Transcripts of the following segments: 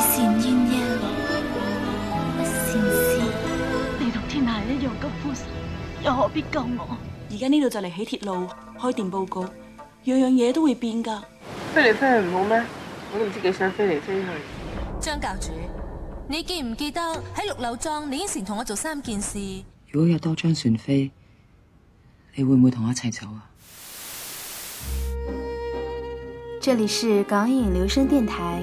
善冤冤，是不善事。你同天下一樣咁夫神，又何必救我？而家呢度就嚟起鐵路，開電報告，樣樣嘢都會變噶。飛嚟飛去唔好咩？我都唔知幾想飛嚟飛去。張教主，你記唔記得喺綠柳莊，你應承同我做三件事？如果有多張船飛，你會唔會同我一齊走啊？這裡是港影留聲電台。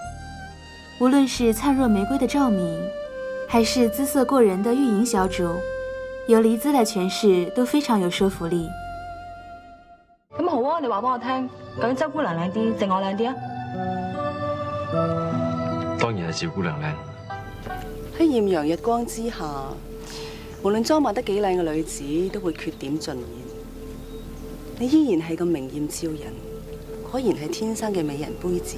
無論是燦若玫瑰的趙敏，還是姿色過人的玉瑩小主，由黎姿來詮釋都非常有說服力。咁好啊，你話俾我聽，究竟周姑娘靚啲，定我靚啲啊？當然係周姑娘靚。喺艷陽日光之下，無論裝扮得幾靚嘅女子，都會缺點盡現。你依然係個明艷照人，果然係天生嘅美人杯子。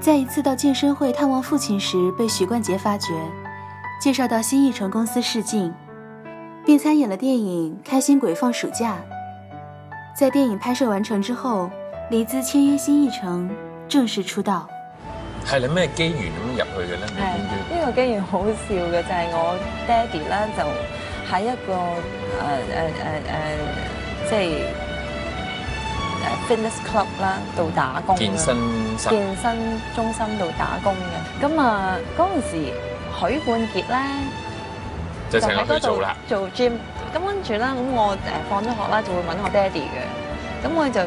在一次到健身會探望父親時，被許冠傑發掘，介紹到新藝城公司試鏡，並參演了電影《開心鬼放暑假》。在電影拍攝完成之後，黎姿簽約新藝城，正式出道。係你咩機緣咁入去嘅咧？係呢個機緣好笑嘅，就係我爹哋啦，就喺一個誒誒誒誒，即係。fitness club 啦，度打工健身，身健身中心度打工嘅，咁啊嗰陣時許冠傑咧就喺嗰度做啦，做 gym，咁跟住咧咁我誒放咗學啦，就會搵我爹哋嘅，咁我就誒、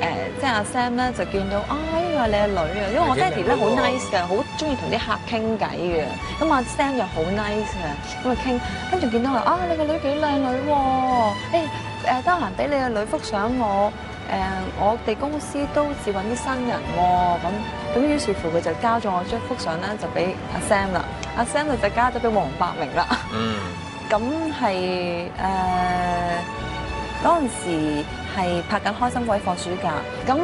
呃、即係阿 Sam 咧就見到啊呢個係你阿女啊，因為我爹哋咧好 nice 嘅，好中意同啲客傾偈嘅，咁阿 Sam 又好 nice 啊，咁啊傾，跟住見到話啊你個女幾靚女喎，誒誒得閒俾你阿女幅相我。誒，我哋公司都只揾啲新人喎，咁咁於是乎佢就交咗我張幅相咧，就俾阿 Sam 啦，阿 Sam 咧就交咗俾黃百鳴啦。嗯，咁係誒，嗰陣時係拍緊《開心鬼放暑假》咁，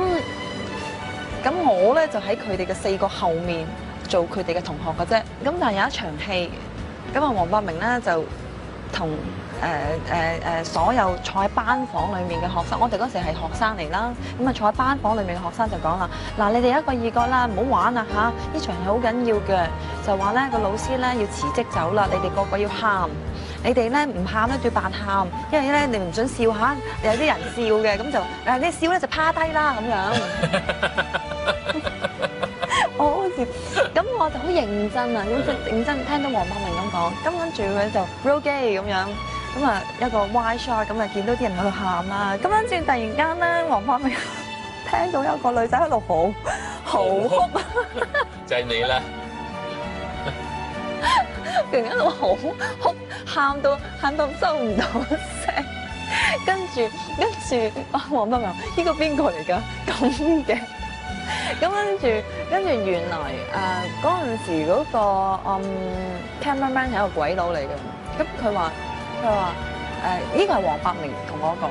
咁咁我咧就喺佢哋嘅四個後面做佢哋嘅同學㗎啫。咁但係有一場戲，咁啊黃百鳴咧就同。誒誒誒，所有坐喺班房裏面嘅學生，我哋嗰時係學生嚟啦，咁啊坐喺班房裏面嘅學生就講啦，嗱你哋一個二個啦，唔好玩啦嚇，呢場係好緊要嘅，就話咧個老師咧要辭職走啦，你哋個個要喊，你哋咧唔喊咧就扮喊，因為咧你唔准笑下，有啲人笑嘅咁就你笑咧就趴低啦咁樣。我好似咁我就好認真啊，咁認真聽到黃百鳴咁講，咁跟住佢就 r o gay 咁樣。咁啊，一個 Y shot，咁啊，見到啲人喺度喊啦。咁跟住突然間咧，黃百鳴聽到有個女仔喺度好 好， 好哭，就係你啦！突然間喺度好哭，喊到喊到收唔到聲，跟住跟住啊，黃百鳴呢個邊個嚟㗎？咁嘅。咁跟住跟住原來嗰陣時嗰、嗰個嗯 cameraman 係一個鬼佬嚟嘅，咁佢話。佢話：誒，呢、呃這個係黃百鳴同我講。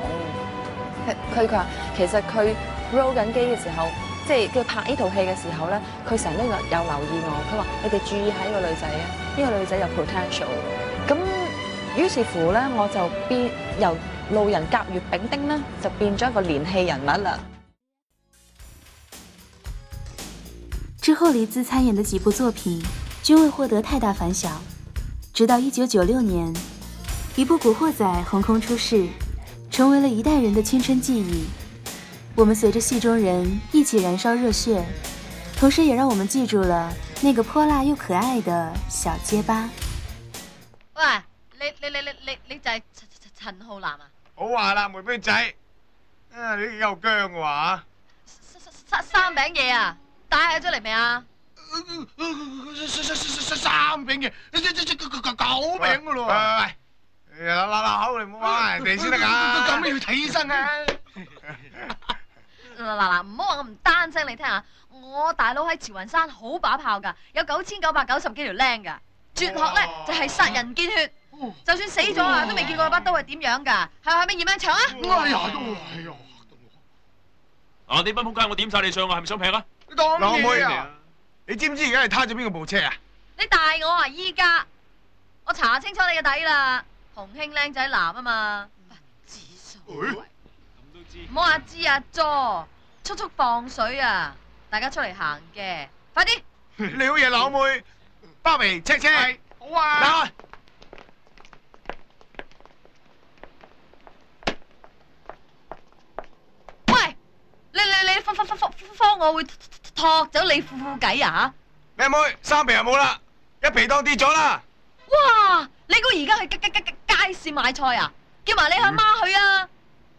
佢佢話其實佢 roll 緊機嘅時候，即係佢拍呢套戲嘅時候咧，佢成日都有，有留意我。佢話：你哋注意下呢個女仔啊，呢、這個女仔有 potential。咁於是乎咧，我就變由路人甲乙丙丁咧，就變咗一個連戲人物啦。之後，黎姿參演的幾部作品均未獲得太大反響，直到1996年。一部《古惑仔》橫空出世，成為了一代人的青春記憶。我們隨着戲中人一起燃燒熱血，同時也讓我們記住了那個潑辣又可愛的小結巴。喂，你、你、你、你、你、你就係陳、陳、浩南啊！好話啦，妹妹仔，你啊，你又夠姜個話？三餅嘢啊，帶咗出嚟未啊？三三餅嘢，九這這這九餅個咯你拉口，你唔好話人哋先得噶。咁你要睇醫生啊！嗱嗱唔好話我唔單聲，你聽下，我大佬喺慈雲山好把炮噶，有九千九百九十幾條僆噶，絕學咧就係殺人見血，就算死咗啊都未見過把刀係點樣噶。係咪葉問場啊？哎呀，哎呀，啊！呢班仆街，我點晒你上啊？係咪想劈啊？當嘢然啊！你知唔知而家係攤咗邊個部車啊？你大我啊！依家我查清楚你嘅底啦。洪興靚仔男啊嘛，咁都知，唔好阿芝阿 jo，速速放水啊！大家出嚟行嘅，快啲！你好嘢老妹，包皮車車，好啊！喂，你你你方方方方方我會拖走你褲褲計啊吓！靚妹，三皮又冇啦，一皮當跌咗啦！哇！你估而家去街市買菜啊？叫埋你阿媽去啊！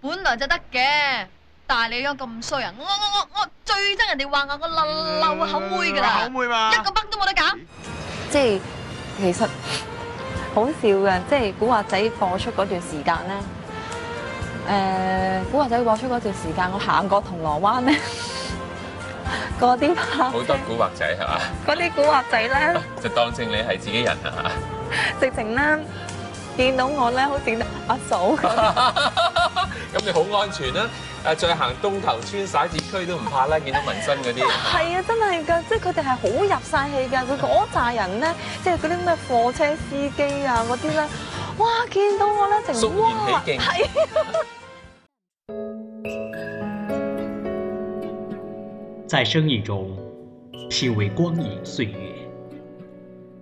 本來就得嘅，但係你樣咁衰啊！我我我我最憎人哋話我個漏漏口妹噶啦，嚕嚕口妹嘛，一個鏰都冇得揀。即係其實好笑嘅，即係古惑仔播出嗰段時間咧，誒，古惑仔播出嗰段時間，我行過銅鑼灣咧，嗰 啲拍好多古惑仔係嘛？嗰啲古惑仔咧 就當正你係自己人係嘛？直情咧，見到我咧好似阿嫂咁，咁 你好安全啦！誒，再行東頭村、灑字區都唔怕啦，見到紋身嗰啲。係 啊，真係噶，即係佢哋係好入晒氣噶，佢嗰扎人咧，即係嗰啲咩貨車司機啊，嗰啲咧，哇！見到我咧直情哇，係、啊。在生意中拼為光影歲月。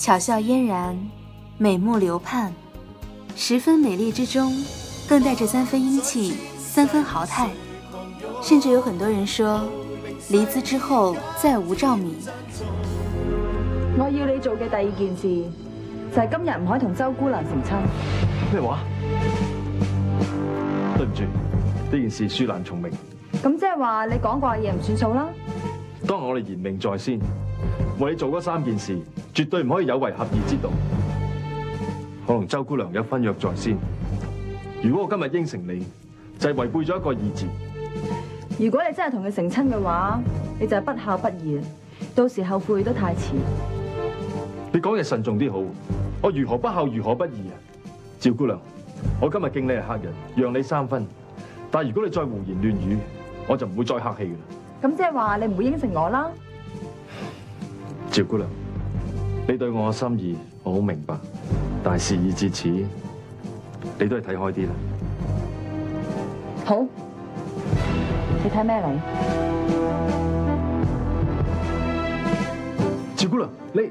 巧笑嫣然，美目流盼，十分美麗之中，更帶着三分英氣，三分豪態。甚至有很多人說，黎姿之後再無趙敏。我要你做嘅第二件事，就係、是、今日唔可以同周姑娘成親。咩話？對唔住，呢件事恕難從命。咁即係話你講過嘅嘢唔算數啦。當日我哋言明在先。為你做嗰三件事，絕對唔可以有違合義之道。可能周姑娘有婚約在先，如果我今日應承你，就係、是、違背咗一個義字。如果你真係同佢成親嘅話，你就係不孝不義，到時候後悔都太遲。你講嘢慎重啲好，我如何不孝如何不義啊？趙姑娘，我今日敬你係客人，讓你三分，但係如果你再胡言亂語，我就唔會再客氣啦。咁即係話你唔會應承我啦？趙姑娘，你對我嘅心意我好明白，但係事已至此，你都係睇開啲啦。好，你睇咩嚟？趙姑娘，你呢？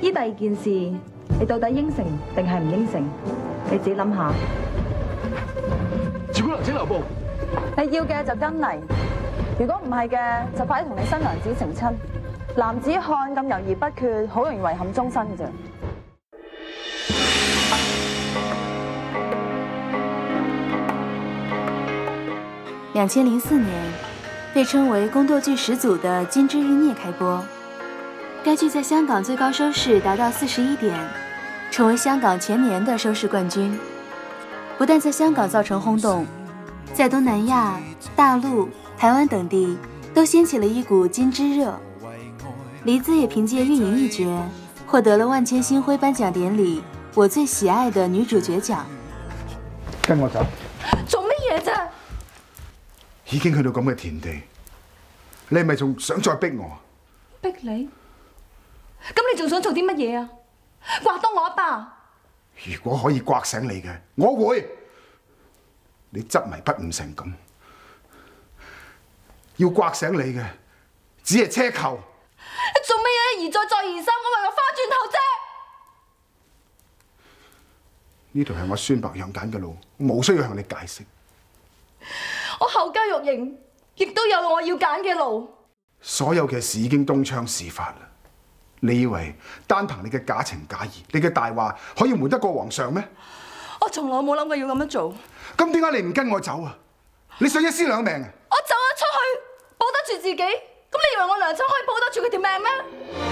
呢第二件事，你到底應承定係唔應承？你自己諗下。趙姑娘，請留步。你要嘅就跟嚟，如果唔係嘅，就快啲同你新娘子成親。男子漢咁猶豫不決，好容易遺憾終身嘅咋。兩千零四年，被稱為宮鬥劇始祖的《金枝欲孽》開播，該劇在香港最高收視達到四十一點，成為香港前年的收視冠軍。不但在香港造成轟動，在東南亞、大陸、台灣等地都掀起了一股金枝熱。黎姿也憑借《運營一角》獲得了萬千星輝頒獎典禮我最喜愛的女主角獎。跟我走。做乜嘢啫？已經去到咁嘅田地，你係咪仲想再逼我？逼你？咁你仲想做啲乜嘢啊？刮到我一巴。如果可以刮醒你嘅，我會。你執迷不悟成咁，要刮醒你嘅，只係奢求。而再再而三，我為我翻轉頭啫。呢條係我孫白養揀嘅路，冇需要向你解釋。我後家玉瑩亦都有我要揀嘅路。所有嘅事已經東窗事發啦。你以為單憑你嘅假情假意，你嘅大話可以瞞得過皇上咩？我從來冇諗過要咁樣做。咁點解你唔跟我走啊？你想一屍兩命啊？我走咗出去，保得住自己。咁你以為我娘親可以保得住佢條命咩？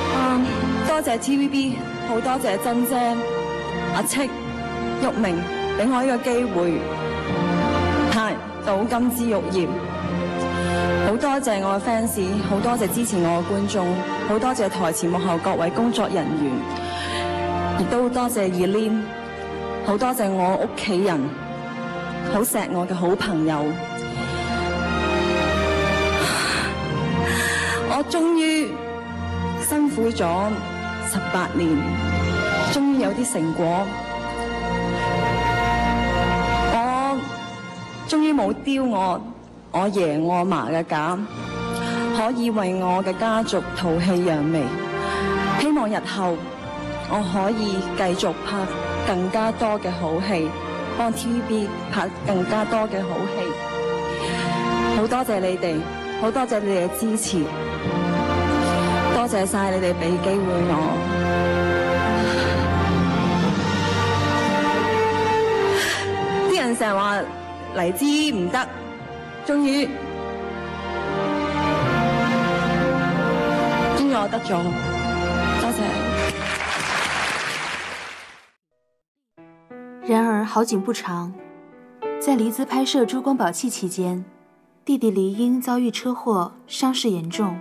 多謝 TVB，好多謝珍姐、阿戚、玉明，俾我一個機會，拍到《金枝玉葉》。好多謝我嘅 fans，好多謝支持我嘅觀眾，好多謝台前幕後各位工作人員，亦都多謝 Elin，好多謝我屋企人，好錫我嘅好朋友。 我終於辛苦咗。十八年，終於有啲成果。我終於冇丟我我爺我嫲嘅架，可以為我嘅家族吐氣揚眉。希望日後我可以繼續拍更加多嘅好戲，幫 TVB 拍更加多嘅好戲。好多謝你哋，好多謝你哋嘅支持。多謝晒你哋俾機會我。啲人成日話黎姿唔得，終於，終於我得咗喇。多謝。然而好景不長，在黎姿拍攝《珠光寶氣》期間，弟弟黎英遭遇車禍，傷勢嚴重。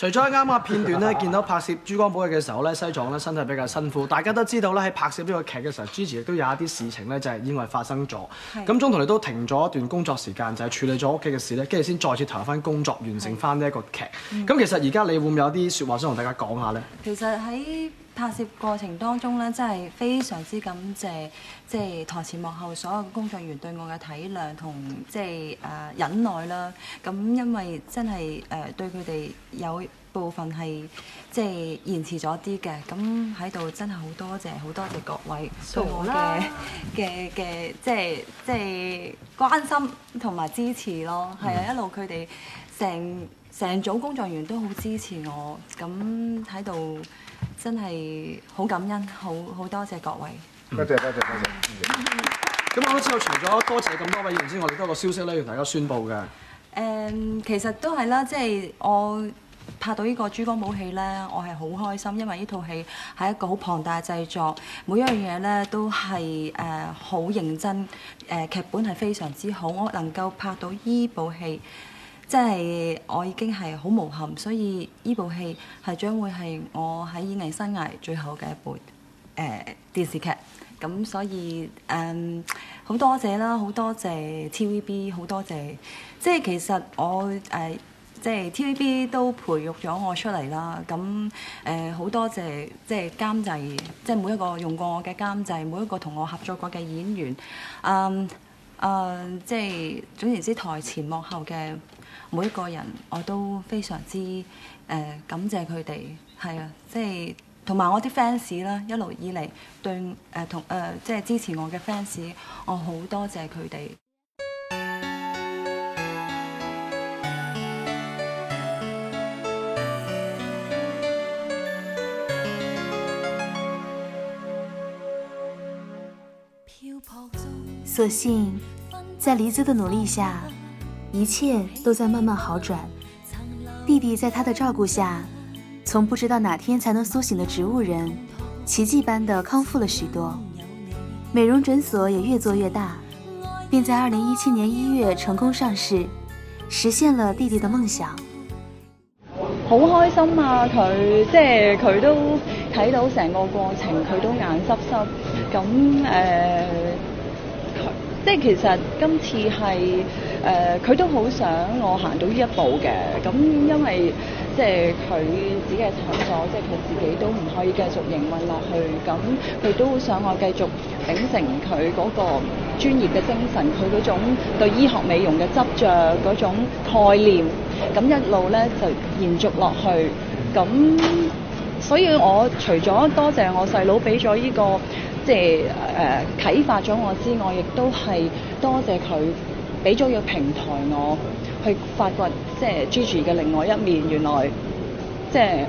除咗啱啱嘅片段咧，見到拍攝《珠光寶氣》嘅時候咧，西藏咧，身體比較辛苦。大家都知道咧，喺拍攝呢個劇嘅時候，Gigi 亦都有一啲事情咧，就係因為發生咗。咁中途亦都停咗一段工作時間，就係、是、處理咗屋企嘅事咧，跟住先再次投入翻工作，完成翻呢一個劇。咁是其實而家你會唔會有啲説話想同大家講下咧？其實喺拍攝過程當中咧，真係非常之感謝，即係台前幕後所有工作員對我嘅體諒同即係誒忍耐啦。咁因為真係誒對佢哋有部分係即係延遲咗啲嘅，咁喺度真係好多謝好多謝各位對我嘅嘅嘅，即係即係關心同埋支持咯。係啊，一路佢哋成成組工作員都好支持我，咁喺度。真係好感恩，好好多謝各位。多謝多謝多謝。咁我都知道，除咗多謝咁多位演員之外，我哋都有個消息咧，要同大家宣布嘅。誒，其實都係啦，即係我拍到呢個《珠光寶氣》咧，我係好開心，因為呢套戲係一個好龐大嘅製作，每一樣嘢咧都係誒好認真，誒劇本係非常之好，我能夠拍到依部戲。即係我已經係好無憾，所以呢部戲係將會係我喺演藝生涯最後嘅一部誒、呃、電視劇。咁所以誒好、嗯、多謝啦，好多謝 TVB，好多謝。即係其實我誒、呃、即係 TVB 都培育咗我出嚟啦。咁誒好多謝即係監製，即係每一個用過我嘅監製，每一個同我合作過嘅演員。嗯誒、嗯，即係總言之，台前幕後嘅。每一個人我都非常之誒感謝佢哋，係啊，即係同埋我啲 fans 啦，一路以嚟對誒同誒、呃、即係支持我嘅 fans，我好多謝佢哋。所幸，在黎姿嘅努力下，一切都在慢慢好轉。弟弟在他的照顧下，從不知道哪天才能蘇醒的植物人，奇蹟般的康復了許多。美容診所也越做越大，並在二零一七年一月成功上市，實現了弟弟的夢想。好開心啊！佢即係佢都睇到成個過程，佢都眼濕濕。咁誒，即、呃、係、即係、其實今次係。誒，佢、呃、都好想我行到呢一步嘅，咁因為即係佢自己嘅診所，即係佢自,自己都唔可以繼續營運落去，咁佢都好想我繼續秉承佢嗰個專業嘅精神，佢嗰種對醫學美容嘅執着嗰種概念，咁一路咧就延續落去。咁所以我除咗多謝我細佬俾咗呢個即係誒啟發咗我之外，亦都係多謝佢。俾咗個平台我，去發掘即係、就是、Gigi 嘅另外一面，原來即係、就是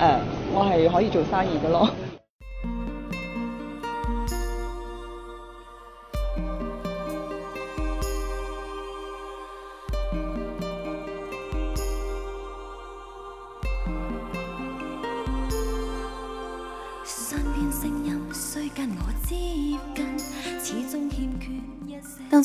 uh，我係可以做生意㗎囉。